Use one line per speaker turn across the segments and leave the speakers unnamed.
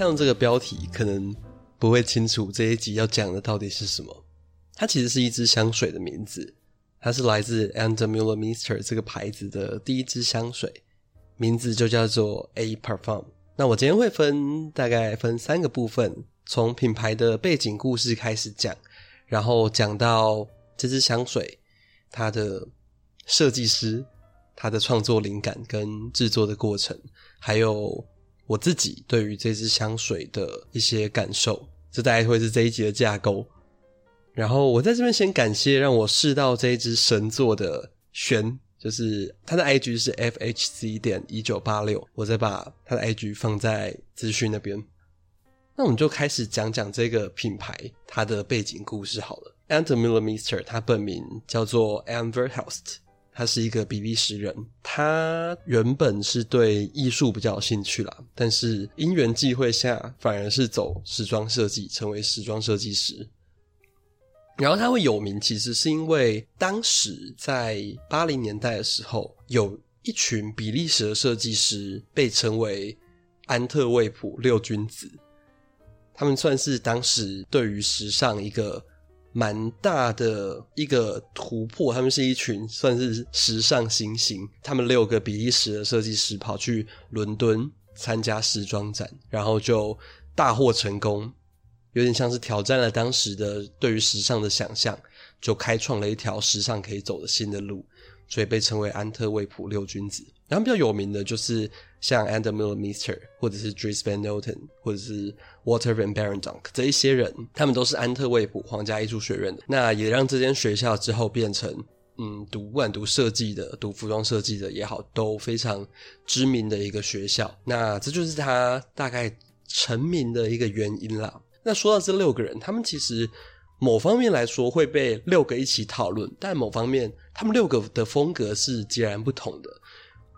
看到這個標題，可能不會清楚這一集要講的到底是什麼。它其實是一支香水的名字，它是來自 Ann Demeulemeester 這個牌子的第一支香水，名字就叫做 A Parfum。那我今天會分大概分三個部分，從品牌的背景故事開始講，然後講到這支香水、它的設計師、它的創作靈感跟制作的過程，還有，我自己對於這支香水的一些感受，這大概會是這一集的架構。然後我在這邊先感謝讓我試到這支神作的玄，就是他的 IG 是 FHC 點一九八六，我再把他的 IG 放在資訊那邊。那我們就開始講講這個品牌它的背景故事好了。Ann Demeulemeester 他本名叫做 Amber House。他是一個比利時人，他原本是對藝術比較有興趣啦，但是因緣際會下，反而是走時裝設計，成為時裝設計師。然後他會有名，其實是因為當時在八零年代的時候，有一群比利時的設計師被稱為安特衛普六君子，他們算是當時對於時尚一個。蠻大的一個突破，他們是一群算是時尚新星，他們六個比利時的設計師跑去倫敦參加時裝展，然後就大獲成功，有點像是挑戰了當時的對於時尚的想象，就開創了一條時尚可以走的新的路。所以被稱為安特衛普六君子，然後比較有名的就是像 Ann Demeulemeester，或者是 Dries Van Noten，或者是 Walter Van Beirendonck 這一些人，他們都是安特衛普皇家藝術學院的。那也讓這間學校之後變成，嗯，讀不管讀設計的、讀服裝設計的也好，都非常知名的一個學校。那這就是他大概成名的一個原因啦。那說到這六個人，他們其實。某方面來說會被六個一起討論，但某方面他們六個的風格是截然不同的。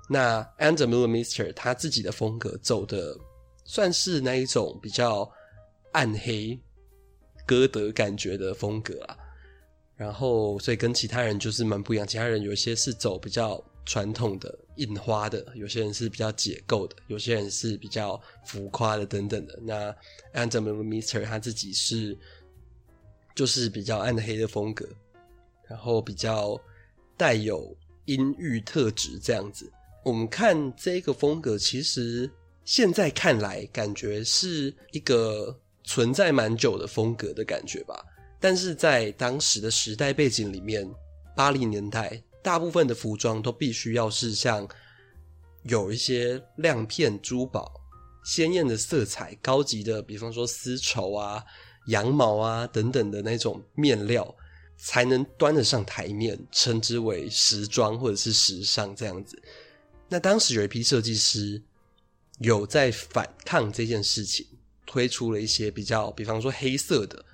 那 Ann Demeulemeester 他自己的風格走的算是那一種比較暗黑歌德感覺的風格啊，然後所以跟其他人就是蠻不一樣。其他人有些是走比較傳統的印花的，有些人是比較解構的，有些人是比較浮誇的等等的。那 Ann Demeulemeester 他自己是。就是比較暗黑的風格，然後比較帶有陰鬱特質這樣子。我們看這個風格，其實現在看來感覺是一個存在蠻久的風格的感覺吧。但是在當時的時代背景裡面，八零年代大部分的服裝都必須要是像有一些亮片珠、珠寶、鮮豔的色彩、高級的，比方說絲綢啊。羊毛啊等等的那種面料，才能端得上台面，稱之為時裝或者是時尚這樣子。那當時有一批設計師有在反抗這件事情，推出了一些比較，比方說黑色的，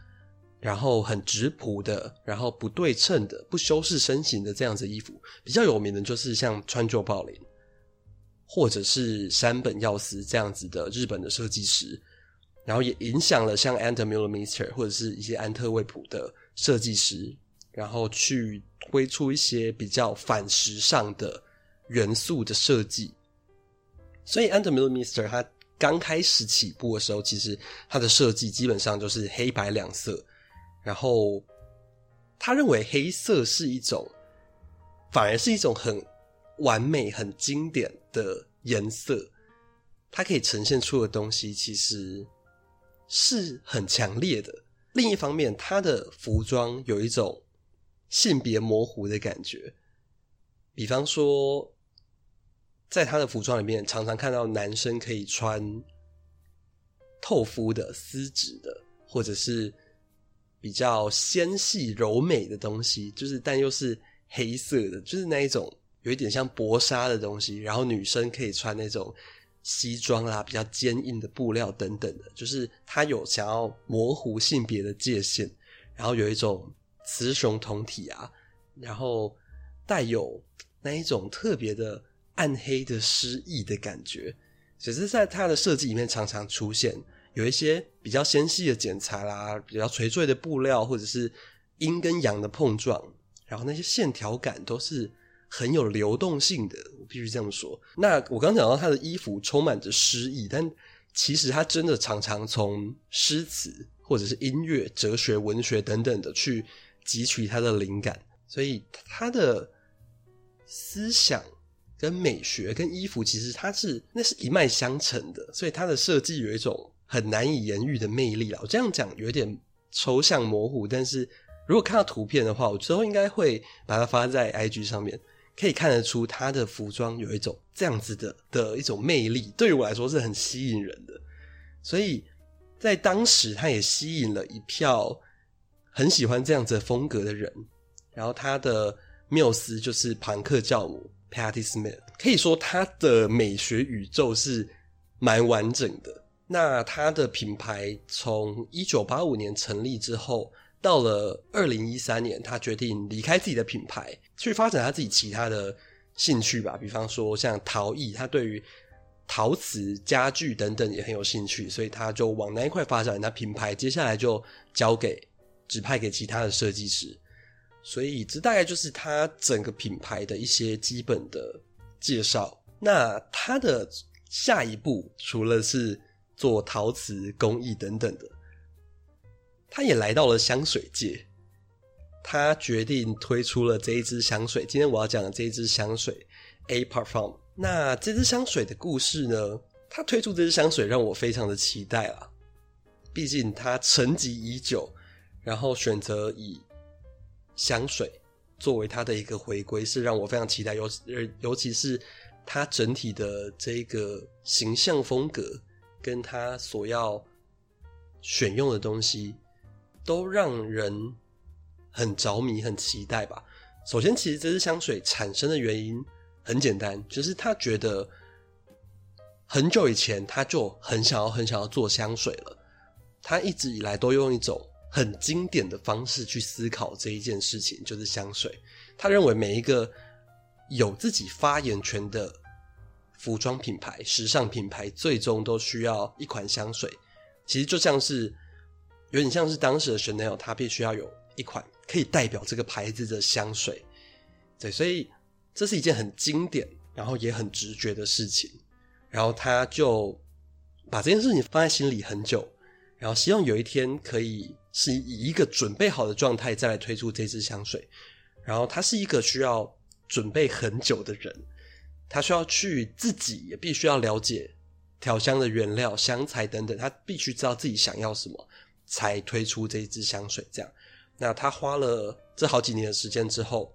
然後很質樸的，然後不對稱的，不修飾身形的這樣子衣服。比較有名的，就是像川久保玲，或者是山本耀司這樣子的日本的設計師。然後也影響了像 Ann Demeulemeester 或者是一些安特衛普的設計師，然後去推出一些比較反時尚的元素的設計。所以 Ann Demeulemeester 他剛開始起步的時候，其實他的設計基本上就是黑白兩色。然後他認為黑色是一種，反而是一種很完美、很經典的顏色。它可以呈現出的東西，其實。是很強烈的。另一方面，他的服裝有一種性別模糊的感覺。比方說，在他的服裝裡面，常常看到男生可以穿透膚的絲質的，或者是比較纖細柔美的東西，就是但又是黑色的，就是那一種有一點像薄紗的東西。然後女生可以穿那種。西裝啦、啊，比較堅硬的布料等等的，就是他有想要模糊性別的界限，然後有一種雌雄同體啊，然後帶有那一種特別的暗黑的詩意的感覺，只是在他的設計裡面常常出現有一些比較纖細的剪裁啦，比較垂墜的布料，或者是陰跟陽的碰撞，然後那些線條感都是。很有流動性的，我必須這樣說。那我剛講到他的衣服充滿着詩意，但其實他真的常常從詩詞或者是音樂、哲學、文學等等的去汲取他的靈感，所以他的思想跟美學跟衣服其實它是那是一脈相承的，所以他的設計有一種很難以言喻的魅力啦！我這樣講有點抽象模糊，但是如果看到圖片的話，我之後應該會把它發在 IG 上面。可以看得出，他的服裝有一種這樣子的的一種魅力，對於我來說是很吸引人的。所以在當時，他也吸引了一票很喜歡這樣子的風格的人。然後他的繆斯就是龐克教母 Patti Smith，可以說他的美學宇宙是蠻完整的。那他的品牌從一九八五年成立之後。到了二零一三年，他決定離開自己的品牌，去發展他自己其他的興趣吧。比方說像陶藝，他對於陶瓷、家具等等也很有興趣，所以他就往那一塊發展。那品牌接下來就交給指派給其他的設計師。所以這大概就是他整個品牌的一些基本的介紹。那他的下一步除了是做陶瓷工藝等等的。他也來到了香水界，他決定推出了這一支香水。今天我要講的這一支香水，A parfum。那這支香水的故事呢？他推出這支香水讓我非常的期待啊。畢竟他沉寂已久，然後選擇以香水作為他的一個回歸，是讓我非常期待。尤尤其是他整體的這個形象風格，跟他所要選用的東西。都讓人很着迷、很期待吧。首先，其實這支香水產生的原因很簡單，就是他覺得很久以前他就很想要、很想要做香水了。他一直以來都用一種很經典的方式去思考這一件事情，就是香水。他認為每一個有自己發言權的服裝品牌、時尚品牌，最終都需要一款香水。其實就像是。有點像是當時的 Chanel，他必須要有一款可以代表這個牌子的香水，對，所以這是一件很經典，然後也很直覺的事情。然後他就把這件事情放在心裡很久，然後希望有一天可以是以一個準備好的狀態再來推出這支香水。然後他是一個需要準備很久的人，他需要去自己也必須要了解調香的原料、香材等等，他必須知道自己想要什麼。才推出這一支香水，這樣，那他花了這好幾年的時間之後，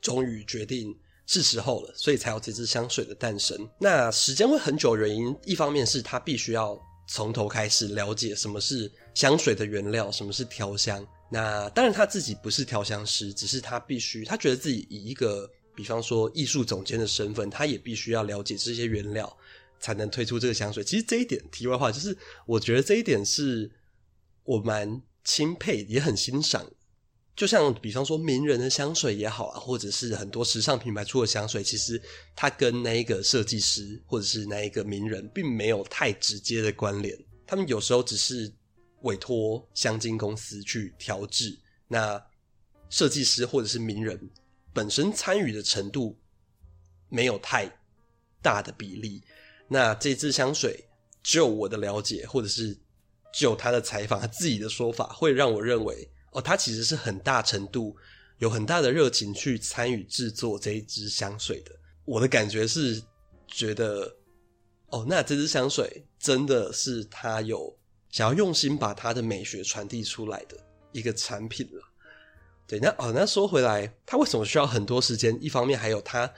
終於決定是時候了，所以才有這支香水的誕生。那時間會很久，原因一方面是他必須要從頭開始了解什麼是香水的原料，什麼是調香。那當然他自己不是調香師，只是他必須，他覺得自己以一個比方說藝術總監的身份，他也必須要了解這些原料，才能推出這個香水。其實這一點，題外話就是，我覺得這一點是。我蠻欽佩，也很欣賞。就像比方說名人的香水也好啊，或者是很多時尚品牌出的香水，其實它跟那一個設計師或者是那一個名人並沒有太直接的關聯。他們有時候只是委托香精公司去調製，那設計師或者是名人本身參與的程度沒有太大的比例。那這支香水，就我的了解，或者是。就他的採訪，他自己的說法會讓我認為，哦，他其實是很大程度有很大的熱情去參與制作這一支香水的。我的感覺是覺得，哦，那這支香水真的是他有想要用心把他的美學傳遞出來的一個產品了。對，那哦，那說回來，他為什麼需要很多時間？一方面，還有他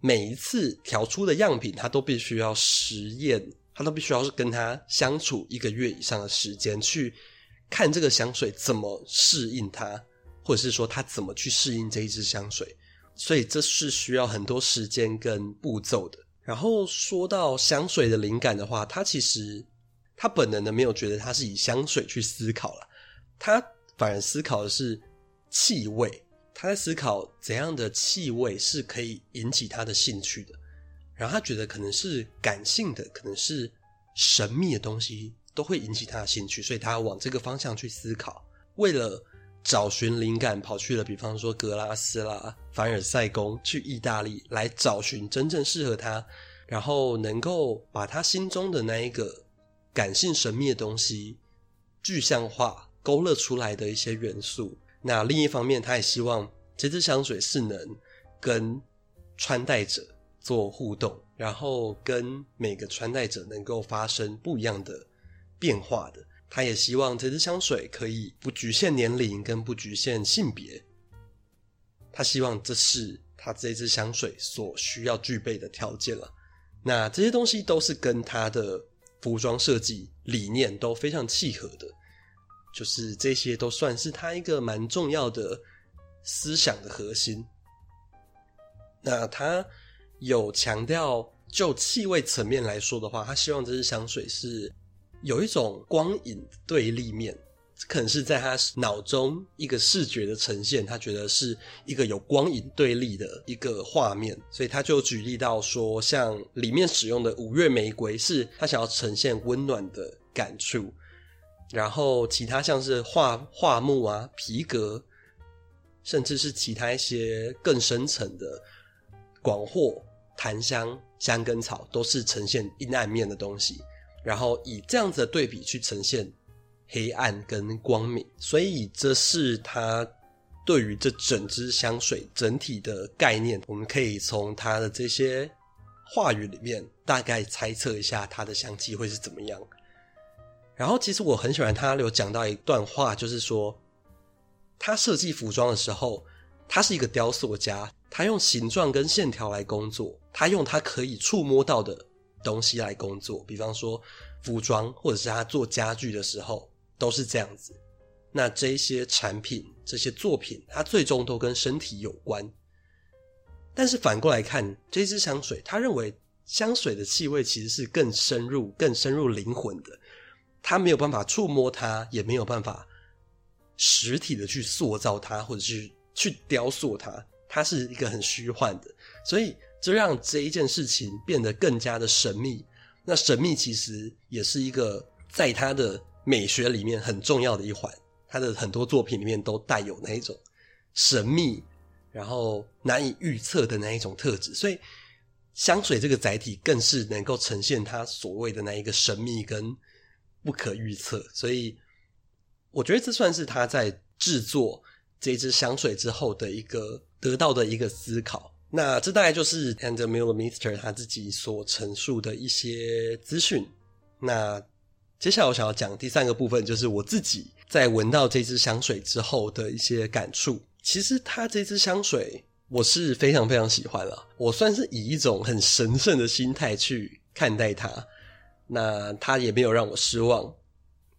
每一次調出的樣品，他都必須要實驗。他都必須要是跟他相處一個月以上的時間，去看這個香水怎麼適應他，或者是說他怎麼去適應這一支香水，所以這是需要很多時間跟步驟的。然後說到香水的靈感的話，他其實他本能的沒有覺得他是以香水去思考了，他反而思考的是氣味，他在思考怎樣的氣味是可以引起他的興趣的。然後他覺得可能是感性的，可能是神秘的東西都會引起他的興趣，所以他往這個方向去思考，為了找尋靈感，跑去了比方說格拉斯啦、凡爾賽宮，去意大利來找尋真正適合他，然後能夠把他心中的那一個感性神秘的東西具象化、勾勒出來的一些元素。那另一方面，他也希望這支香水是能跟穿戴者做互動，然後跟每個穿戴者能夠發生不一樣的變化的。他也希望這支香水可以不局限年齡跟不局限性別。他希望這是他這支香水所需要具備的條件了啊。那這些東西都是跟他的服裝設計理念都非常契合的，就是這些都算是他一個蠻重要的思想的核心。那他。有強調，就氣味層面來說的話，他希望這支香水是有一種光影對立面，可能是在他腦中一個視覺的呈現，他覺得是一個有光影對立的一個畫面，所以他就舉例到說，像裡面使用的五月玫瑰，是他想要呈現溫暖的感觸，然後其他像是樺樺木啊、皮革，甚至是其他一些更深層的廣貨。檀香、香根草都是呈現陰暗面的東西，然後以這樣子的對比去呈現黑暗跟光明，所以這是他對於這整支香水整體的概念。我們可以從他的這些話語裡面大概猜測一下它的香氣會是怎麼樣。然後，其實我很喜歡他有講到一段話，就是說他設計服裝的時候，他是一個雕塑家。他用形狀跟線條來工作，他用他可以觸摸到的東西來工作，比方說服裝，或者是他做家具的時候都是這樣子。那這些產品、這些作品，它最終都跟身體有關。但是反過來看，這支香水，他認為香水的氣味其實是更深入、更深入靈魂的。他沒有辦法觸摸它，也沒有辦法實體的去塑造它，或者是去雕塑它。它是一個很虛幻的，所以這讓這一件事情變得更加的神秘。那神秘其實也是一個在他的美學裡面很重要的一環。他的很多作品裡面都帶有那一種神秘，然後難以預測的那一種特質。所以香水這個載體更是能夠呈現他所謂的那一個神秘跟不可預測。所以我覺得這算是他在制作這支香水之後的一個，得到的一個思考，那這大概就是 Ann Demeulemeester 他自己所陳述的一些資訊。那接下來我想要講第三個部分，就是我自己在聞到這支香水之後的一些感觸。其實他這支香水我是非常非常喜歡了、啊，我算是以一種很神聖的心態去看待它。那它也沒有讓我失望，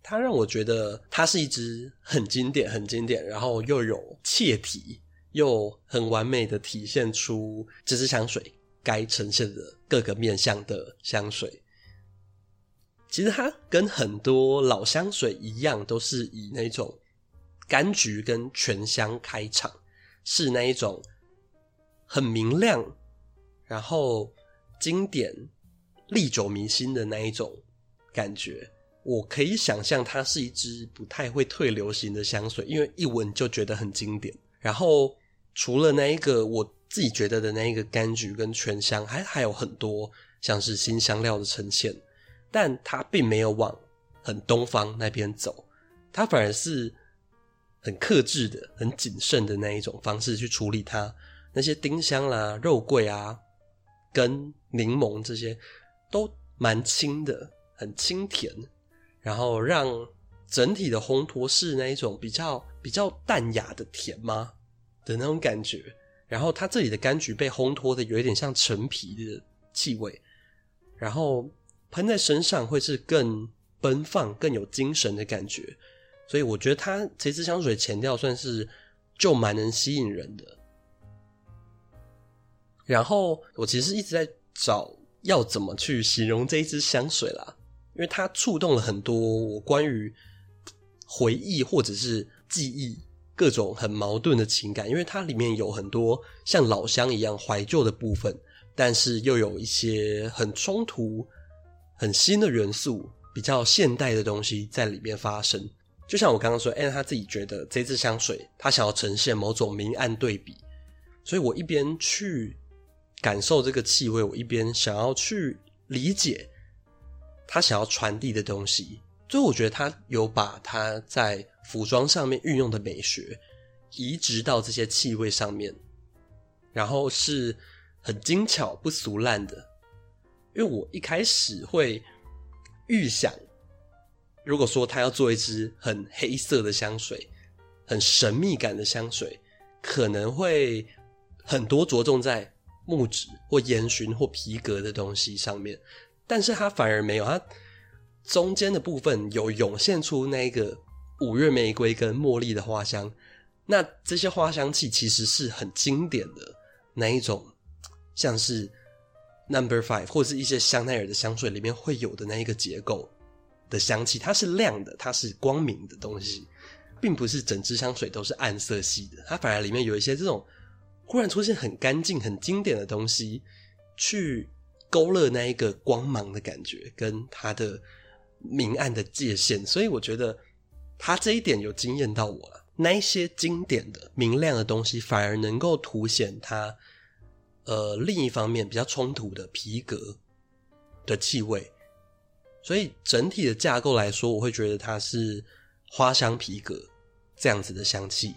它讓我覺得它是一支很經典、很經典，然後又有切題，又很完美的體現出這支香水該呈現的各個面向的香水。其實它跟很多老香水一樣，都是以那種柑橘跟醛香開場，是那一種很明亮，然後經典、歷久彌新的那一種感覺。我可以想象它是一支不太會退流行的香水，因為一聞就覺得很經典。然後除了那一個我自己覺得的那一個柑橘跟全香，還還有很多像是辛香料的呈現，但它並沒有往很東方那邊走，它反而是很克制的、很謹慎的那一種方式去處理它。那些丁香啦、啊、肉桂啊，跟檸檬這些都蠻清的，很清甜，然後讓整體的烘托是那一種比較，比較淡雅的甜嗎的那種感覺，然後它這裡的柑橘被烘托的有一點像陳皮的氣味，然後噴在身上會是更奔放、更有精神的感覺，所以我覺得它這支香水的前調算是就蠻能吸引人的。然後我其實一直在找要怎麼去形容這一支香水啦，因為它觸動了很多我關於回憶或者是。記憶各種很矛盾的情感，因為它裡面有很多像老鄉一樣懷舊的部分，但是又有一些很衝突、很新的元素，比較現代的東西在裡面發生。就像我剛剛說，誒、欸、他自己覺得這支香水，他想要呈現某種明暗對比，所以我一邊去感受這個氣味，我一邊想要去理解他想要傳遞的東西。所以我覺得他有把他在服裝上面運用的美學移植到這些氣味上面，然後是很精巧不俗爛的。因為我一開始會預想，如果說他要做一支很黑色的香水，很神秘感的香水，可能會很多着重在木質或煙燻或皮革的東西上面，但是他反而沒有，他中間的部分有湧現出那個。五月玫瑰跟茉莉的花香，那這些花香氣其實是很經典的那一種，像是 Number Five 或是一些香奈兒的香水裡面會有的那一個結構的香氣，它是亮的，它是光明的東西，並不是整支香水都是暗色系的，它反而裡面有一些這種忽然出現很乾淨、很經典的東西，去勾勒那一個光芒的感覺跟它的明暗的界限，所以我覺得。它這一點有驚艷到我了，那一些經典的明亮的東西反而能夠凸顯它，呃，另一方面比較衝突的皮革的氣味，所以整體的架構來說，我會覺得它是花香皮革這樣子的香氣，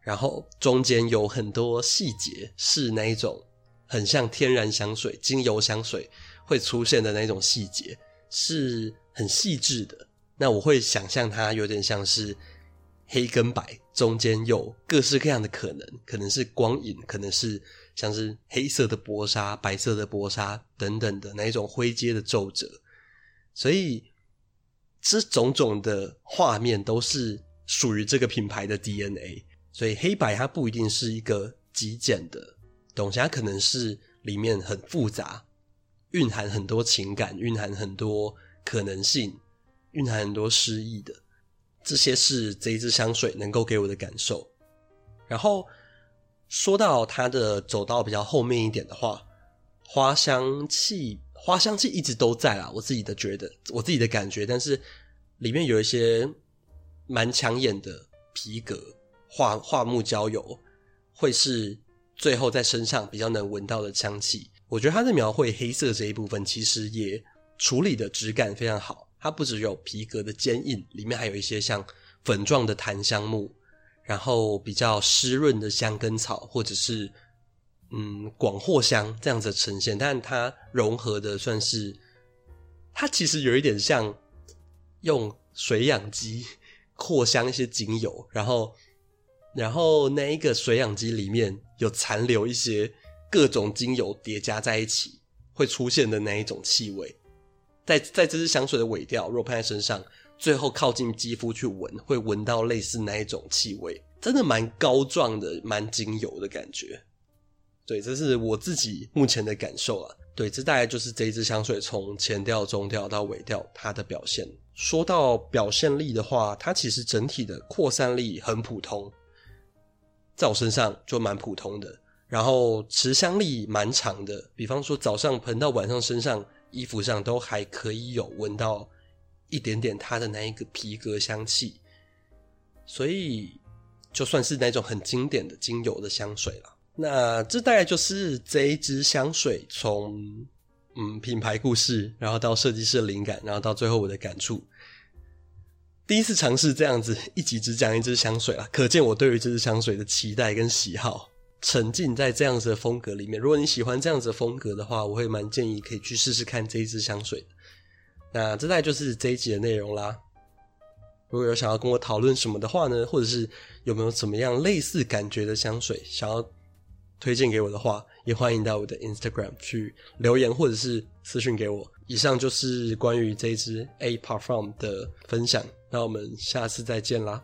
然後中間有很多細節是那一種很像天然香水、精油香水會出現的那種細節，是很細緻的。那我會想象它有點像是黑跟白中間有各式各樣的可能，可能是光影，可能是像是黑色的薄紗、白色的薄紗等等的那一種灰階的皺褶，所以這種種的畫面都是屬於這個品牌的 DNA。所以黑白它不一定是一個極簡的東西，它可能是裡面很複雜，蘊含很多情感，蘊含很多可能性。蘊含很多詩意的，這些是這一支香水能夠給我的感受。然後說到它的走到比較後面一點的話，花香氣花香氣一直都在啦，我自己的覺得，我自己的感覺，但是裡面有一些蠻搶眼的皮革、樺樺木焦油，會是最後在身上比較能聞到的香氣。我覺得它的描繪黑色這一部分，其實也處理的質感非常好。它不只有皮革的堅硬，裡面還有一些像粉狀的檀香木，然後比較濕潤的香根草，或者是嗯廣藿香這樣子呈現。但它融合的算是，它其實有一點像用水氧機擴香一些精油，然後然後那一個水氧機裡面有殘留一些各種精油疊加在一起會出現的那一種氣味。在在這支香水的尾調，若噴在身上，最後靠近肌膚去聞，會聞到類似那一種氣味，真的蠻膏狀的，蠻精油的感覺。對，這是我自己目前的感受啊。對，這大概就是這支香水從前調、中調到尾調它的表現。說到表現力的話，它其實整體的擴散力很普通，在我身上就蠻普通的。然後持香力蠻長的，比方說早上噴到晚上身上。衣服上都還可以有聞到一點點它的那一個皮革香氣，所以就算是那種很經典的精油的香水了。那這大概就是這一支香水從嗯、品牌故事，然後到設計師的靈感，然後到最後我的感觸。第一次嘗試這樣子，一集只講一支香水啦，可見我對於這支香水的期待跟喜好。沉浸在這樣子的風格裡面，如果你喜歡這樣子的風格的話，我會蠻建議可以去試試看這一支香水。那這大概就是這一集的內容啦。如果有想要跟我討論什麼的話呢，或者是有沒有什麼樣類似感覺的香水想要推薦給我的話，也歡迎到我的 Instagram 去留言或者是私訊給我。以上就是關於這一支 A parfum 的分享，那我們下次再見啦。